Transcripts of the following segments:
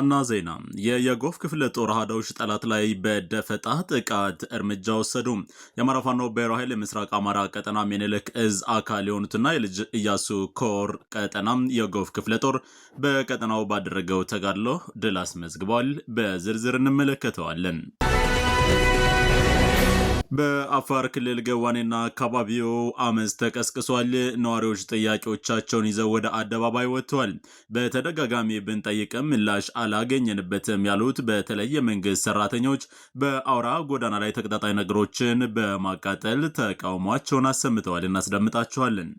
ዋና ዜና የየጎፍ ክፍለ ጦር አህዳዎች ጠላት ላይ በደፈጣ ጥቃት እርምጃ ወሰዱ። የአማራ ፋኖ ብሔራዊ ኃይል የምስራቅ አማራ ቀጠና ምኒልክ እዝ አካል የሆኑትና የልጅ እያሱ ኮር ቀጠና የጎፍ ክፍለ ጦር በቀጠናው ባደረገው ተጋድሎ ድል አስመዝግቧል። በዝርዝር እንመለከተዋለን። በአፋር ክልል ገዋኔና አካባቢው አመፅ ተቀስቅሷል። ነዋሪዎች ጥያቄዎቻቸውን ይዘው ወደ አደባባይ ወጥተዋል። በተደጋጋሚ ብንጠይቅም ምላሽ አላገኘንበትም ያሉት በተለይ የመንግስት ሰራተኞች በአውራ ጎዳና ላይ ተቀጣጣይ ነገሮችን በማቃጠል ተቃውሟቸውን አሰምተዋል። እናስደምጣችኋለን።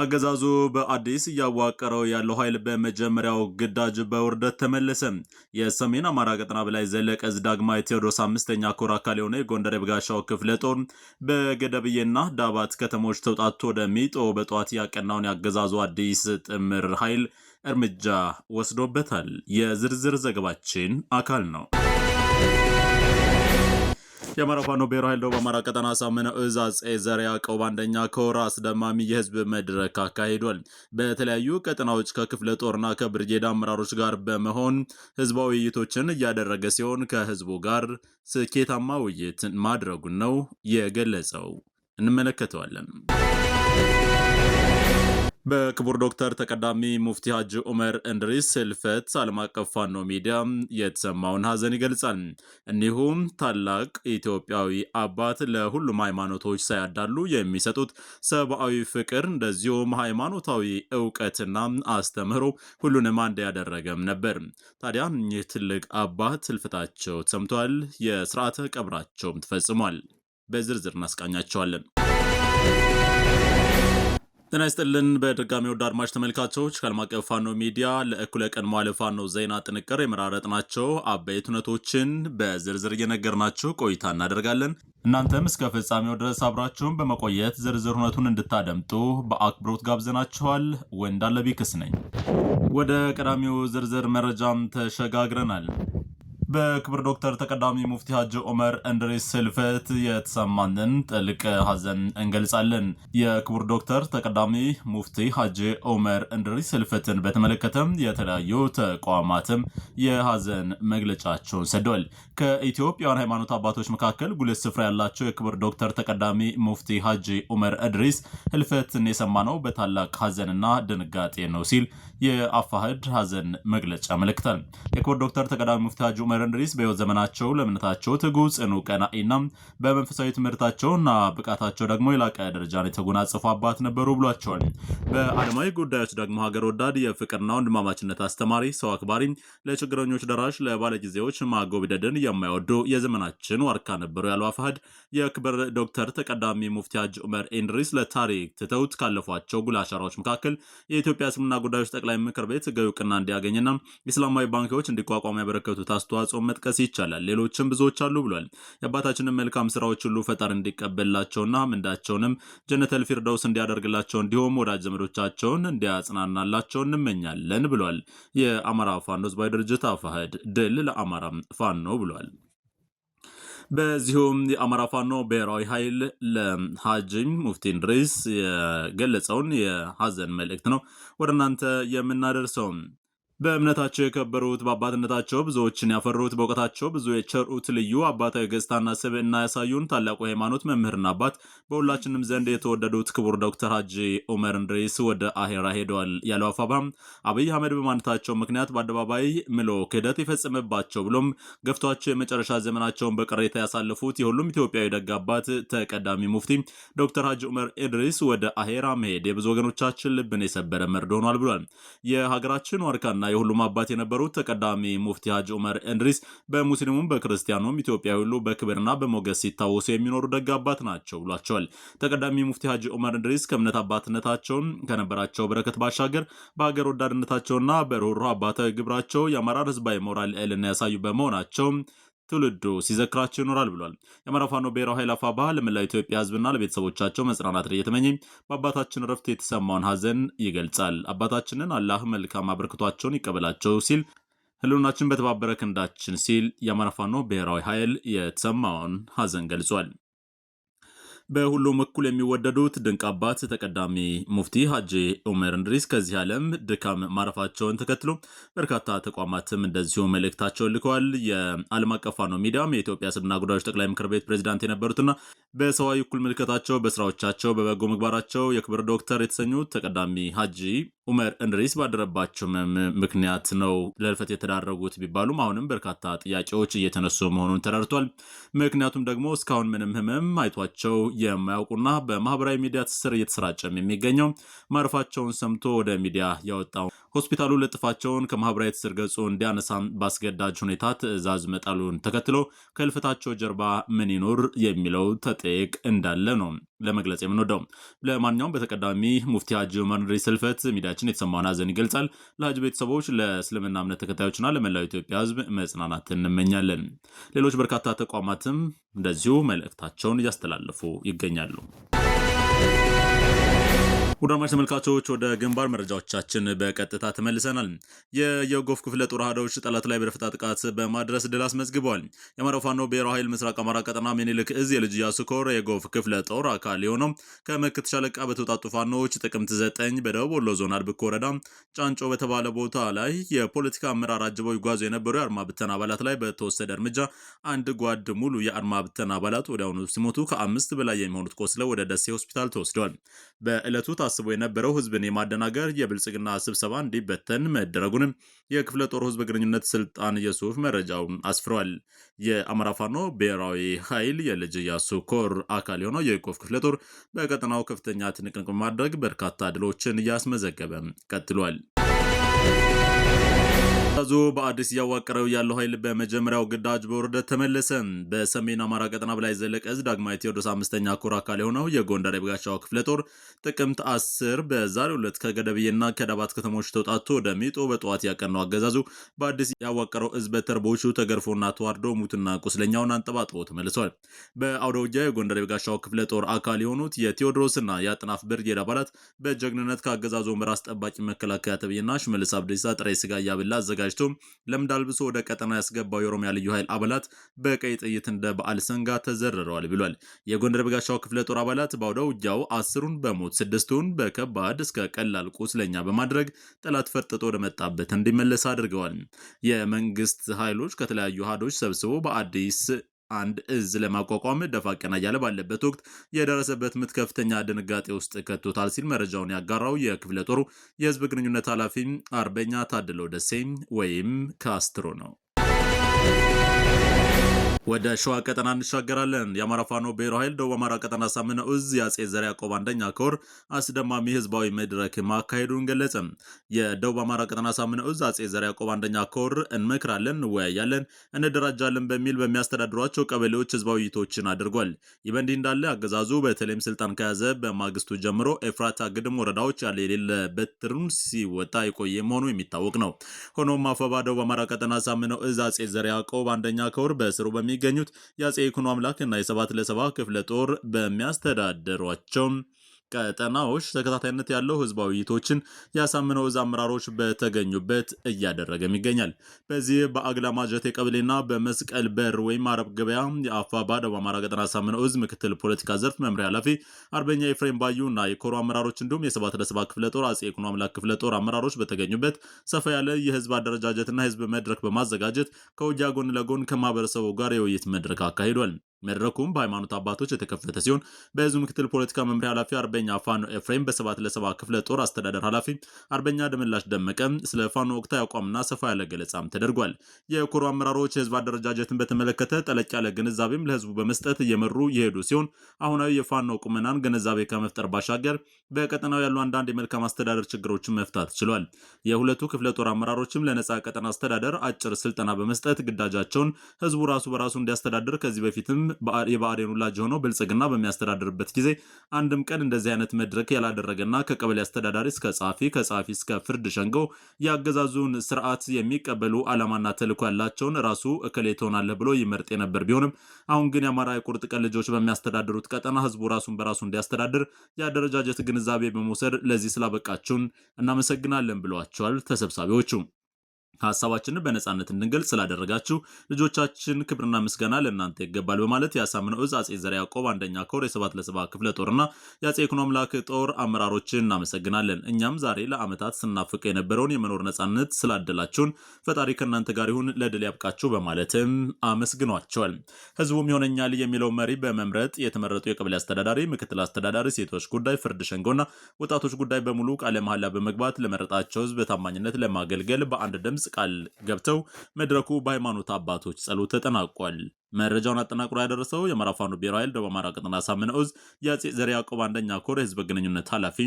አገዛዙ በአዲስ እያዋቀረው ያለው ኃይል በመጀመሪያው ግዳጅ በውርደት ተመለሰ። የሰሜን አማራ ቀጠና በላይ ዘለቀ ዕዝ ዳግማዊ ቴዎድሮስ አምስተኛ ኮር አካል የሆነ የጎንደር የበጋሻው ክፍለ ጦር በገደብዬና ዳባት ከተሞች ተውጣቶ ወደ በጠዋት ያቀናውን ያገዛዙ አዲስ ጥምር ኃይል እርምጃ ወስዶበታል። የዝርዝር ዘገባችን አካል ነው። የአማራ ፋኖ ብሔራዊ ኃይል ደቡብ አማራ ቀጠና አሳምነው እዝ አጼ ዘርዓ ያዕቆብ አንደኛ ኮር አስደማሚ የህዝብ መድረክ አካሂዷል። በተለያዩ ቀጠናዎች ከክፍለ ጦርና ከብርጌድ አመራሮች ጋር በመሆን ህዝባዊ ውይይቶችን እያደረገ ሲሆን ከህዝቡ ጋር ስኬታማ ውይይት ማድረጉን ነው የገለጸው። እንመለከተዋለን። በክቡር ዶክተር ተቀዳሚ ሙፍቲ ሀጂ ዑመር እንድሪስ ህልፈት ዓለም አቀፍ ፋኖ ሚዲያ የተሰማውን ሀዘን ይገልጻል። እንዲሁም ታላቅ ኢትዮጵያዊ አባት ለሁሉም ሃይማኖቶች ሳያዳሉ የሚሰጡት ሰብአዊ ፍቅር፣ እንደዚሁም ሃይማኖታዊ እውቀትና አስተምህሮ ሁሉንም አንድ ያደረገም ነበር። ታዲያ ይህ ትልቅ አባት ህልፈታቸው ተሰምቷል። የስርዓተ ቀብራቸውም ተፈጽሟል። በዝርዝር እናስቃኛቸዋለን። ጤና ይስጥልን በድጋሚ ወደ አድማጭ ተመልካቾች ከዓለም አቀፍ ፋኖ ሚዲያ ለእኩለ ቀን መዋለ ፋኖ ዜና ጥንቅር ናቸው አበይት ሁነቶችን በዝርዝር እየነገርናችሁ ቆይታ እናደርጋለን። እናንተም እስከ ፍጻሜው ድረስ አብራችሁን በመቆየት ዝርዝር ሁነቱን እንድታደምጡ በአክብሮት ጋብዘናችኋል። ወንዳለቢ ነኝ። ወደ ቀዳሚው ዝርዝር መረጃም ተሸጋግረናል። በክብር ዶክተር ተቀዳሚ ሙፍቲ ሀጅ ዑመር እንድሪስ ህልፈት የተሰማንን ጥልቅ ሀዘን እንገልጻለን። የክቡር ዶክተር ተቀዳሚ ሙፍቲ ሀጅ ዑመር እንድሪስ ህልፈትን በተመለከተም የተለያዩ ተቋማትም የሀዘን መግለጫቸውን ሰደዋል። ከኢትዮጵያውያን ሃይማኖት አባቶች መካከል ጉልህ ስፍራ ያላቸው የክብር ዶክተር ተቀዳሚ ሙፍቲ ሀጂ ዑመር እንድሪስ ህልፈትን የሰማነው በታላቅ ሀዘንና ድንጋጤ ነው ሲል የአፋህድ ሀዘን መግለጫ ያመለክታል። የክብር ዶክተር ተቀዳሚ ሙፍቲ ሀጂ ዑመር አለን ሪስ በሕይወት ዘመናቸው ለእምነታቸው ትጉ ጽኑ ቀናኢና በመንፈሳዊ ትምህርታቸውና ብቃታቸው ደግሞ የላቀ ደረጃን የተጎናጸፉ አባት ነበሩ ብሏቸዋል። በዓለማዊ ጉዳዮች ደግሞ ሀገር ወዳድ፣ የፍቅርና ወንድማማችነት አስተማሪ፣ ሰው አክባሪ፣ ለችግረኞች ደራሽ፣ ለባለጊዜዎች ማጎብደድን የማይወዱ የዘመናችን ዋርካ ነበሩ ያለው አፋሕድ የክብር ዶክተር ተቀዳሚ ሙፍቲ ሐጅ ዑመር ኢድሪስ ለታሪክ ትተውት ካለፏቸው ጉላ አሻራዎች መካከል የኢትዮጵያ እስልምና ጉዳዮች ጠቅላይ ምክር ቤት ሕጋዊ እውቅና እንዲያገኝና ኢስላማዊ ባንኪዎች እንዲቋቋሙ ያበረከቱት አስተዋጽኦ አስተዋጽኦን መጥቀስ ይቻላል። ሌሎችም ብዙዎች አሉ ብሏል። የአባታችንን መልካም ስራዎች ሁሉ ፈጣሪ እንዲቀበልላቸውና ምንዳቸውንም ጀነተል ፊርደውስ እንዲያደርግላቸው እንዲሁም ወዳጅ ዘመዶቻቸውን እንዲያጽናናላቸው እንመኛለን ብሏል። የአማራ ፋኖ ህዝባዊ ድርጅት አፋህድ ድል ለአማራ ፋኖ ብሏል። በዚሁም የአማራ ፋኖ ብሔራዊ ኃይል ለሀጂ ሙፍቲ እንድሪስ የገለጸውን የሀዘን መልእክት ነው ወደ እናንተ የምናደርሰው። በእምነታቸው የከበሩት በአባትነታቸው ብዙዎችን ያፈሩት በእውቀታቸው ብዙ የቸሩት ልዩ አባታዊ ገጽታና ስብዕና ያሳዩን ታላቁ ሃይማኖት መምህርና አባት በሁላችንም ዘንድ የተወደዱት ክቡር ዶክተር ሀጂ ኡመር እንድሪስ ወደ አሄራ ሄደዋል ያለው አፋባም አብይ አህመድ በማንነታቸው ምክንያት በአደባባይ ምሎ ክህደት የፈጸመባቸው ብሎም ገፍቷቸው የመጨረሻ ዘመናቸውን በቅሬታ ያሳለፉት የሁሉም ኢትዮጵያዊ ደግ አባት ተቀዳሚ ሙፍቲ ዶክተር ሀጂ ኡመር ኢድሪስ ወደ አሄራ መሄድ የብዙ ወገኖቻችን ልብን የሰበረ መርዶ ሆኗል ብሏል። የሀገራችን ዋርካና የሁሉም አባት የነበሩት ተቀዳሚ ሙፍቲ ሀጅ ዑመር እንድሪስ በሙስሊሙም በክርስቲያኑም ኢትዮጵያ ሁሉ በክብርና በሞገስ ሲታወሱ የሚኖሩ ደግ አባት ናቸው ብሏቸዋል። ተቀዳሚ ሙፍቲ ሀጅ ዑመር እንድሪስ ከእምነት አባትነታቸውን ከነበራቸው በረከት ባሻገር በሀገር ወዳድነታቸውና በርኅሩኅ አባታዊ ግብራቸው የአማራን ህዝባዊ ሞራል ልዕልና ያሳዩ በመሆናቸው ትውልዱ ሲዘክራቸው ይኖራል ብሏል። የአማራ ፋኖ ብሔራዊ ኃይል አፋ ባህ ለመላው ኢትዮጵያ ህዝብና ለቤተሰቦቻቸው መጽናናትን እየተመኘ በአባታችን ረፍት የተሰማውን ሀዘን ይገልጻል። አባታችንን አላህ መልካም አበርክቷቸውን ይቀበላቸው ሲል ህልውናችን በተባበረ ክንዳችን ሲል የአማራ ፋኖ ብሔራዊ ኃይል የተሰማውን ሀዘን ገልጿል። በሁሉም እኩል የሚወደዱት ድንቅ አባት ተቀዳሚ ሙፍቲ ሀጂ ኡመር እንድሪስ ከዚህ ዓለም ድካም ማረፋቸውን ተከትሎ በርካታ ተቋማትም እንደዚሁ መልእክታቸውን ልከዋል። የዓለም አቀፍ ፋኖ ሚዲያም የኢትዮጵያ እስልምና ጉዳዮች ጠቅላይ ምክር ቤት ፕሬዚዳንት የነበሩትና በሰዋዊ እኩል ምልከታቸው፣ በስራዎቻቸው፣ በበጎ ምግባራቸው የክብር ዶክተር የተሰኙት ተቀዳሚ ሀጂ ኡመር እንድሪስ ባደረባቸው ምክንያት ነው ለልፈት የተዳረጉት ቢባሉም አሁንም በርካታ ጥያቄዎች እየተነሱ መሆኑን ተረድቷል። ምክንያቱም ደግሞ እስካሁን ምንም ህመም አይቷቸው የማያውቁና በማህበራዊ ሚዲያ ትስስር እየተሰራጨም የሚገኘው ማረፋቸውን ሰምቶ ወደ ሚዲያ ያወጣው ሆስፒታሉ ልጥፋቸውን ከማህበራዊ ትስስር ገጹ እንዲያነሳም በአስገዳጅ ሁኔታ ትዕዛዝ መጣሉን ተከትሎ ከልፍታቸው ጀርባ ምን ይኖር የሚለው ተጠየቅ እንዳለ ነው ለመግለጽ የምንወደው። ለማንኛውም በተቀዳሚ ሙፍቲ ሀጂ ዑመር ስልፈት ሚዲያችን የተሰማውን ሀዘን ይገልጻል። ለሀጅ ቤተሰቦች፣ ለእስልምና እምነት ተከታዮችና ለመላው ኢትዮጵያ ህዝብ መጽናናት እንመኛለን። ሌሎች በርካታ ተቋማትም እንደዚሁ መልእክታቸውን እያስተላለፉ ይገኛሉ። ውዳማሽ ተመልካቾች ወደ ግንባር መረጃዎቻችን በቀጥታ ተመልሰናል። የየጎፍ ክፍለ ጦር አህዳዎች ጠላት ላይ በደፈጣ ጥቃት በማድረስ ድል አስመዝግበዋል። የአማራ ፋኖ ብሔራዊ ኃይል ምስራቅ አማራ ቀጠና ምኒልክ እዝ የልጅ ኢያሱ ኮር የጎፍ ክፍለ ጦር አካል የሆነው ከምክት ሻለቃ በተውጣጡ ፋኖዎች ጥቅምት ዘጠኝ በደቡብ ወሎ ዞን አድብኮ ወረዳ ጫንጮ በተባለ ቦታ ላይ የፖለቲካ አመራር አጅበው ይጓዙ የነበሩ የአድማ ብተና አባላት ላይ በተወሰደ እርምጃ አንድ ጓድ ሙሉ የአድማ ብተና አባላት ወዲያውኑ ሲሞቱ ከአምስት በላይ የሚሆኑት ቆስለው ወደ ደሴ ሆስፒታል ተወስደዋል። በዕለቱ ታስቦ የነበረው ህዝብን የማደናገር የብልጽግና ስብሰባ እንዲበተን መደረጉንም የክፍለ ጦር ህዝብ ግንኙነት ስልጣን የሱፍ መረጃው አስፍሯል። የአማራ ፋኖ ብሔራዊ ኃይል የልጅ ያሱ ኮር አካል የሆነው የቆፍ ክፍለ ጦር በቀጠናው ከፍተኛ ትንቅንቅ በማድረግ በርካታ ድሎችን እያስመዘገበ ቀጥሏል። አገዛዙ በአዲስ እያዋቀረው ያለው ኃይል በመጀመሪያው ግዳጅ በውርደት ተመለሰ። በሰሜን አማራ ቀጠና በላይ ዘለቀ ዕዝ ዳግማዊ ቴዎድሮስ አምስተኛ ኮር አካል የሆነው የጎንደር የበጋሻው ክፍለ ጦር ጥቅምት 10 በዛሬው ዕለት ከገደብዬና ከዳባት ከተሞች ተውጣቶ ወደሚጦ በጠዋት ያቀነው አገዛዙ በአዲስ ያዋቀረው እዝ በተርቦቹ ተገርፎና ተዋርዶ ሙትና ቁስለኛውን አንጠባጥቦ ተመልሷል። በአውደ ውጊያ የጎንደር የበጋሻው ክፍለ ጦር አካል የሆኑት የቴዎድሮስና የአጥናፍ ብርጌድ አባላት በጀግንነት ከአገዛዙ ምራስ ጠባቂ መከላከያ ተብዬና ሽመልስ አብዲሳ ጥሬ ስጋ እያብላ አዘጋጅቶ ቢያደርጋቸውም ለምድ አልብሶ ወደ ቀጠና ያስገባው የኦሮሚያ ልዩ ኃይል አባላት በቀይ ጥይት እንደ በዓል ሰንጋ ተዘርረዋል ብሏል። የጎንደር በጋሻው ክፍለ ጦር አባላት በአውደ ውጊያው አስሩን በሞት ስድስቱን በከባድ እስከ ቀላል ቁስለኛ በማድረግ ጠላት ፈርጥጦ ወደመጣበት እንዲመለስ አድርገዋል። የመንግስት ኃይሎች ከተለያዩ ሀዶች ሰብስቦ በአዲስ አንድ እዝ ለማቋቋም ደፋ ቀና እያለ ባለበት ወቅት የደረሰበት ምት ከፍተኛ ድንጋጤ ውስጥ ከቶታል ሲል መረጃውን ያጋራው የክፍለ ጦሩ የህዝብ ግንኙነት ኃላፊ አርበኛ ታድለው ደሴ ወይም ካስትሮ ነው። ወደ ሸዋ ቀጠና እንሻገራለን። የአማራ ፋኖ ብሔራዊ ኃይል ደቡብ አማራ ቀጠና ሳምነው እዝ የአጼ ዘርዓ ያዕቆብ አንደኛ ኮር አስደማሚ ህዝባዊ መድረክ ማካሄዱን ገለጸ። የደቡብ አማራ ቀጠና ሳምነው እዝ አጼ ዘርዓ ያዕቆብ አንደኛ ኮር እንመክራለን፣ እንወያያለን፣ እንደራጃለን በሚል በሚያስተዳድሯቸው ቀበሌዎች ህዝባዊ ውይይቶችን አድርጓል። ይህ በእንዲህ እንዳለ አገዛዙ በተለይም ስልጣን ከያዘ በማግስቱ ጀምሮ ኤፍራታ ግድም ወረዳዎች ያለ የሌለ በትሩን ሲወጣ የቆየ መሆኑ የሚታወቅ ነው። ሆኖም አፈባ ደቡብ አማራ ቀጠና ሳምነው እዝ አጼ ዘርዓ ያዕቆብ አንደኛ ኮር በስሩ በሚ የሚገኙት የአጼ ይኩኖ አምላክ እና የሰባት ለሰባ ክፍለ ጦር በሚያስተዳደሯቸው ቀጠናዎች ተከታታይነት ያለው ህዝባዊ ውይይቶችን ያሳምነው እዝ አመራሮች በተገኙበት እያደረገም ይገኛል። በዚህ በአግላማ ጀቴ ቀበሌና በመስቀል በር ወይም አረብ ገበያ የአፋ ባደብ አማራ ቀጠና ያሳምነው እዝ ምክትል ፖለቲካ ዘርፍ መምሪያ ኃላፊ አርበኛ ኤፍሬም ባዩ እና የኮሮ አመራሮች እንዲሁም የሰባት ለሰባ ክፍለ ጦር አጼ ይኩኖ አምላክ ክፍለ ጦር አመራሮች በተገኙበት ሰፋ ያለ የህዝብ አደረጃጀትና ህዝብ መድረክ በማዘጋጀት ከውጊያ ጎን ለጎን ከማህበረሰቡ ጋር የውይይት መድረክ አካሂዷል። መድረኩም በሃይማኖት አባቶች የተከፈተ ሲሆን በህዝብ ምክትል ፖለቲካ መምሪያ ኃላፊ አርበኛ ፋኖ ኤፍሬም፣ በሰባት ለሰባ ክፍለ ጦር አስተዳደር ኃላፊ አርበኛ ደመላሽ ደመቀ ስለ ፋኖ ወቅታዊ አቋምና ሰፋ ያለ ገለጻም ተደርጓል። የኮሮ አመራሮች የህዝብ አደረጃጀትን በተመለከተ ጠለቅ ያለ ግንዛቤም ለህዝቡ በመስጠት እየመሩ የሄዱ ሲሆን አሁናዊ የፋኖ ቁመናን ግንዛቤ ከመፍጠር ባሻገር በቀጠናው ያሉ አንዳንድ የመልካም አስተዳደር ችግሮችን መፍታት ችሏል። የሁለቱ ክፍለ ጦር አመራሮችም ለነጻ ቀጠና አስተዳደር አጭር ስልጠና በመስጠት ግዳጃቸውን ህዝቡ ራሱ በራሱ እንዲያስተዳድር ከዚህ በፊትም የብአዴን ወላጅ ሆኖ ብልጽግና በሚያስተዳድርበት ጊዜ አንድም ቀን እንደዚህ አይነት መድረክ ያላደረገና ከቀበሌ አስተዳዳሪ እስከ ጸሐፊ ከጸሐፊ እስከ ፍርድ ሸንገው የአገዛዙን ስርዓት የሚቀበሉ አላማና ተልኮ ያላቸውን ራሱ እከሌ ትሆናለህ ብሎ ይመርጥ የነበር ቢሆንም አሁን ግን የአማራ የቁርጥ ቀን ልጆች በሚያስተዳድሩት ቀጠና ህዝቡ ራሱን በራሱ እንዲያስተዳድር የአደረጃጀት ግንዛቤ በመውሰድ ለዚህ ስላበቃችሁን እናመሰግናለን ብለዋቸዋል ተሰብሳቢዎቹ። ሀሳባችንን በነጻነት እንድንገልጽ ስላደረጋችሁ ልጆቻችን ክብርና ምስጋና ለእናንተ ይገባል በማለት የአሳምነው ዕዝ አጼ ዘርዓ ያዕቆብ አንደኛ ኮር የሰባት ለሰባ ክፍለ ጦርና የአጼ ይኩኖ አምላክ ጦር አመራሮችን እናመሰግናለን። እኛም ዛሬ ለዓመታት ስናፍቅ የነበረውን የመኖር ነጻነት ስላደላችሁን ፈጣሪ ከእናንተ ጋር ይሁን፣ ለድል ያብቃችሁ በማለትም አመስግኗቸዋል። ህዝቡም ይሆነኛል የሚለው መሪ በመምረጥ የተመረጡ የቀበሌ አስተዳዳሪ፣ ምክትል አስተዳዳሪ፣ ሴቶች ጉዳይ፣ ፍርድ ሸንጎና ወጣቶች ጉዳይ በሙሉ ቃለ መሐላ በመግባት ለመረጣቸው ህዝብ በታማኝነት ለማገልገል በአንድ ድምፅ ቃል ገብተው መድረኩ በሃይማኖት አባቶች ጸሎት ተጠናቋል። መረጃውን አጠናቅሮ ያደረሰው የአማራ ፋኖ ብሔራዊ ኃይል ደቡብ አማራ ቀጠና ሳምነ የአጼ ዘርዓ ያዕቆብ አንደኛ ኮር የህዝብ ግንኙነት ኃላፊ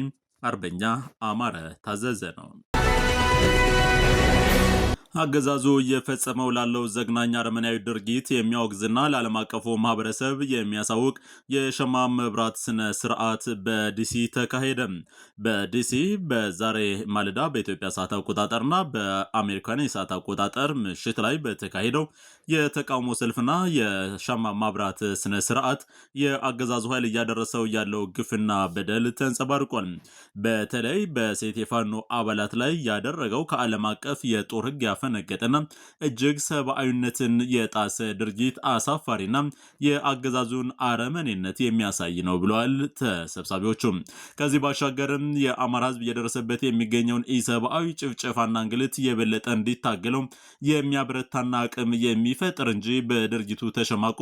አርበኛ አማረ ታዘዘ ነው። አገዛዙ እየፈጸመው ላለው ዘግናኝ አረመናዊ ድርጊት የሚያወግዝና ለዓለም አቀፉ ማህበረሰብ የሚያሳውቅ የሸማ መብራት ስነ ስርዓት በዲሲ ተካሄደ። በዲሲ በዛሬ ማለዳ በኢትዮጵያ ሰዓት አቆጣጠርና በአሜሪካን የሰዓት አቆጣጠር ምሽት ላይ በተካሄደው የተቃውሞ ሰልፍና የሸማ ማብራት ስነ ስርዓት የአገዛዙ ኃይል እያደረሰው ያለው ግፍና በደል ተንጸባርቋል። በተለይ በሴት የፋኖ አባላት ላይ ያደረገው ከዓለም አቀፍ የጦር ህግ ያፈ ያፈነገጠና እጅግ ሰብአዊነትን የጣሰ ድርጊት አሳፋሪና የአገዛዙን አረመኔነት የሚያሳይ ነው ብለዋል ተሰብሳቢዎቹ ከዚህ ባሻገርም የአማራ ህዝብ እየደረሰበት የሚገኘውን ኢሰብአዊ ጭፍጨፋና እንግልት የበለጠ እንዲታገለው የሚያበረታና አቅም የሚፈጥር እንጂ በድርጊቱ ተሸማቆ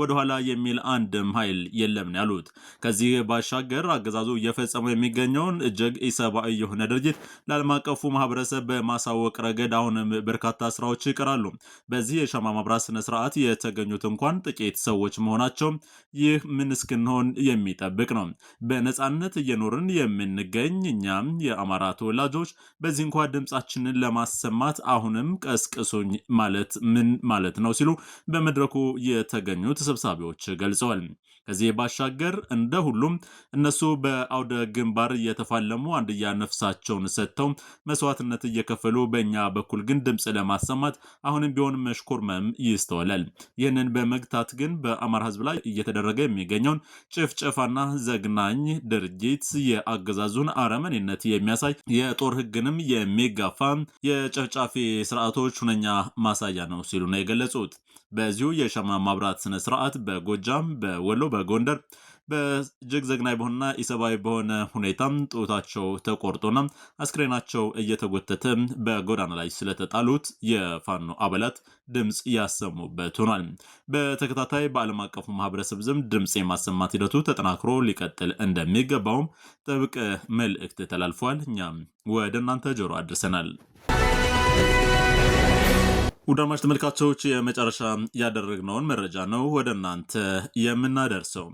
ወደኋላ የሚል አንድም ኃይል የለም ነው ያሉት። ከዚህ ባሻገር አገዛዙ እየፈጸመው የሚገኘውን እጅግ ኢሰብአዊ የሆነ ድርጊት ለዓለም አቀፉ ማህበረሰብ በማሳወቅ ረገድ አሁንም በርካታ ስራዎች ይቀራሉ። በዚህ የሻማ ማብራት ስነ ስርዓት የተገኙት እንኳን ጥቂት ሰዎች መሆናቸው ይህ ምን እስክንሆን የሚጠብቅ ነው። በነፃነት እየኖርን የምንገኝ እኛም የአማራ ተወላጆች በዚህ እንኳ ድምፃችንን ለማሰማት አሁንም ቀስቅሱኝ ማለት ምን ማለት ነው ሲሉ በመድረኩ የተገኙ ተሰብሳቢዎች ገልጸዋል። ከዚህ ባሻገር እንደ ሁሉም እነሱ በአውደ ግንባር እየተፋለሙ አንድያ ነፍሳቸውን ሰጥተው መስዋዕትነት እየከፈሉ በእኛ በኩል ግን ድምፅ ለማሰማት አሁንም ቢሆን መሽኮርመም ይስተዋላል። ይህንን በመግታት ግን በአማራ ህዝብ ላይ እየተደረገ የሚገኘውን ጭፍጨፋና ዘግናኝ ድርጊት የአገዛዙን አረመኔነት የሚያሳይ የጦር ህግንም የሚጋፋ የጨፍጫፊ ስርዓቶች ሁነኛ ማሳያ ነው ሲሉ ነው የገለጹት። በዚሁ የሻማ ማብራት ስነ ስርዓት በጎጃም፣ በወሎ፣ በጎንደር በእጅግ ዘግናይ በሆነና ኢሰብአዊ በሆነ ሁኔታ ጡታቸው ተቆርጦና አስክሬናቸው እየተጎተተ በጎዳና ላይ ስለተጣሉት የፋኖ አባላት ድምፅ ያሰሙበት ሆኗል። በተከታታይ በዓለም አቀፉ ማህበረሰብ ዘንድ ድምፅ የማሰማት ሂደቱ ተጠናክሮ ሊቀጥል እንደሚገባውም ጥብቅ መልእክት ተላልፏል። እኛም ወደ እናንተ ጆሮ አድርሰናል። ውዳማሽ ተመልካቾች የመጨረሻ ያደረግነውን መረጃ ነው ወደ እናንተ የምናደርሰው።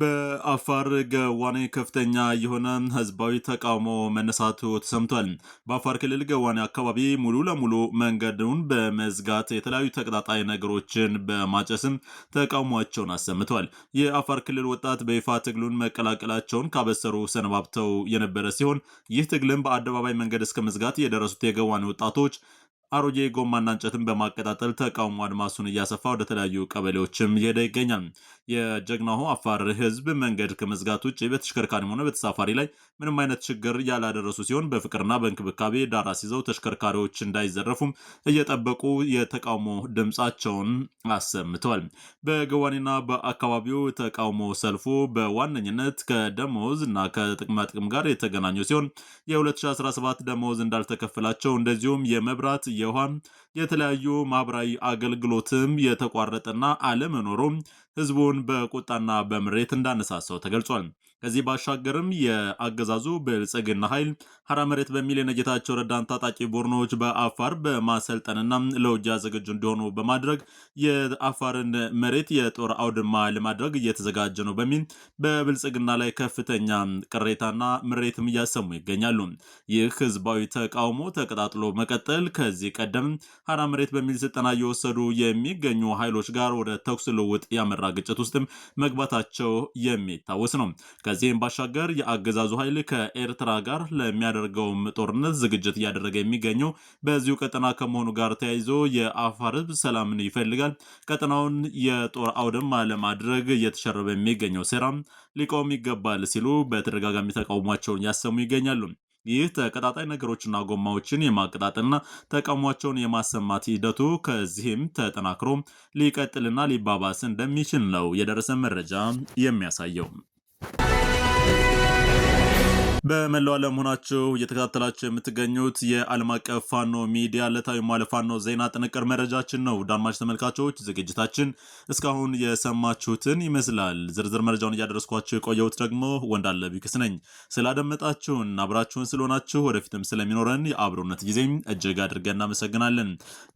በአፋር ገዋኔ ከፍተኛ የሆነ ህዝባዊ ተቃውሞ መነሳቱ ተሰምቷል። በአፋር ክልል ገዋኔ አካባቢ ሙሉ ለሙሉ መንገዱን በመዝጋት የተለያዩ ተቀጣጣይ ነገሮችን በማጨስም ተቃውሟቸውን አሰምተዋል። የአፋር ክልል ወጣት በይፋ ትግሉን መቀላቀላቸውን ካበሰሩ ሰነባብተው የነበረ ሲሆን ይህ ትግልም በአደባባይ መንገድ እስከ መዝጋት የደረሱት የገዋኔ ወጣቶች አሮጌ ጎማና እንጨትን በማቀጣጠል ተቃውሞ አድማሱን እያሰፋ ወደ ተለያዩ ቀበሌዎችም እየሄደ ይገኛል። የጀግናሆ አፋር ህዝብ መንገድ ከመዝጋት ውጭ በተሽከርካሪም ሆነ በተሳፋሪ ላይ ምንም አይነት ችግር ያላደረሱ ሲሆን በፍቅርና በእንክብካቤ ዳራ ሲዘው ተሽከርካሪዎች እንዳይዘረፉም እየጠበቁ የተቃውሞ ድምፃቸውን አሰምተዋል። በገዋኔና በአካባቢው ተቃውሞ ሰልፉ በዋነኝነት ከደሞዝ እና ከጥቅማጥቅም ጋር የተገናኙ ሲሆን የ2017 ደሞዝ እንዳልተከፈላቸው እንደዚሁም የመብራት 有的话。የተለያዩ ማህበራዊ አገልግሎትም የተቋረጠና አለመኖሩም ህዝቡን በቁጣና በምሬት እንዳነሳሳው ተገልጿል። ከዚህ ባሻገርም የአገዛዙ ብልጽግና ኃይል ሀራ መሬት በሚል የነጌታቸው ረዳን ታጣቂ ቡድኖች በአፋር በማሰልጠንና ለውጊያ ዝግጁ እንዲሆኑ በማድረግ የአፋርን መሬት የጦር አውድማ ለማድረግ እየተዘጋጀ ነው በሚል በብልጽግና ላይ ከፍተኛ ቅሬታና ምሬትም እያሰሙ ይገኛሉ። ይህ ህዝባዊ ተቃውሞ ተቀጣጥሎ መቀጠል ከዚህ ቀደም ሀራ መሬት በሚል ስልጠና እየወሰዱ የሚገኙ ኃይሎች ጋር ወደ ተኩስ ልውውጥ ያመራ ግጭት ውስጥም መግባታቸው የሚታወስ ነው። ከዚህም ባሻገር የአገዛዙ ኃይል ከኤርትራ ጋር ለሚያደርገውም ጦርነት ዝግጅት እያደረገ የሚገኘው በዚሁ ቀጠና ከመሆኑ ጋር ተያይዞ የአፋር ህዝብ ሰላምን ይፈልጋል። ቀጠናውን የጦር አውደማ ለማድረግ እየተሸረበ የሚገኘው ሴራም ሊቆም ይገባል ሲሉ በተደጋጋሚ ተቃውሟቸውን ያሰሙ ይገኛሉ። ይህ ተቀጣጣይ ነገሮችና ጎማዎችን የማቀጣጠልና ተቃውሟቸውን የማሰማት ሂደቱ ከዚህም ተጠናክሮ ሊቀጥልና ሊባባስ እንደሚችል ነው የደረሰ መረጃ የሚያሳየው። በመላው ዓለም ሆናችሁ እየተከታተላችሁ የምትገኙት የዓለም አቀፍ ፋኖ ሚዲያ ዕለታዊ ማለ ፋኖ ዜና ጥንቅር መረጃችን ነው። ዳማች ተመልካቾች ዝግጅታችን እስካሁን የሰማችሁትን ይመስላል። ዝርዝር መረጃውን እያደረስኳቸው የቆየሁት ደግሞ ወንዳለ ቢክስ ነኝ። ስላደመጣችሁን አብራችሁን ስለሆናችሁ ወደፊትም ስለሚኖረን የአብሮነት ጊዜም እጅግ አድርገን እናመሰግናለን።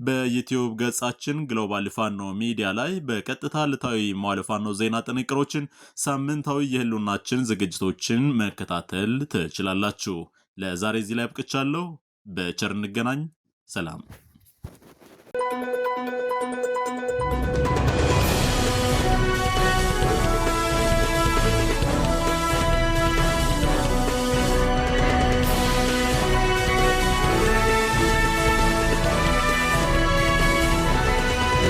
በዩትዩብ ገጻችን ግሎባል ፋኖ ሚዲያ ላይ በቀጥታ ዕለታዊ ማለ ፋኖ ዜና ጥንቅሮችን፣ ሳምንታዊ የህሉናችን ዝግጅቶችን መከታተል ትችላላችሁ። ለዛሬ እዚህ ላይ አብቅቻለሁ። በቸር እንገናኝ። ሰላም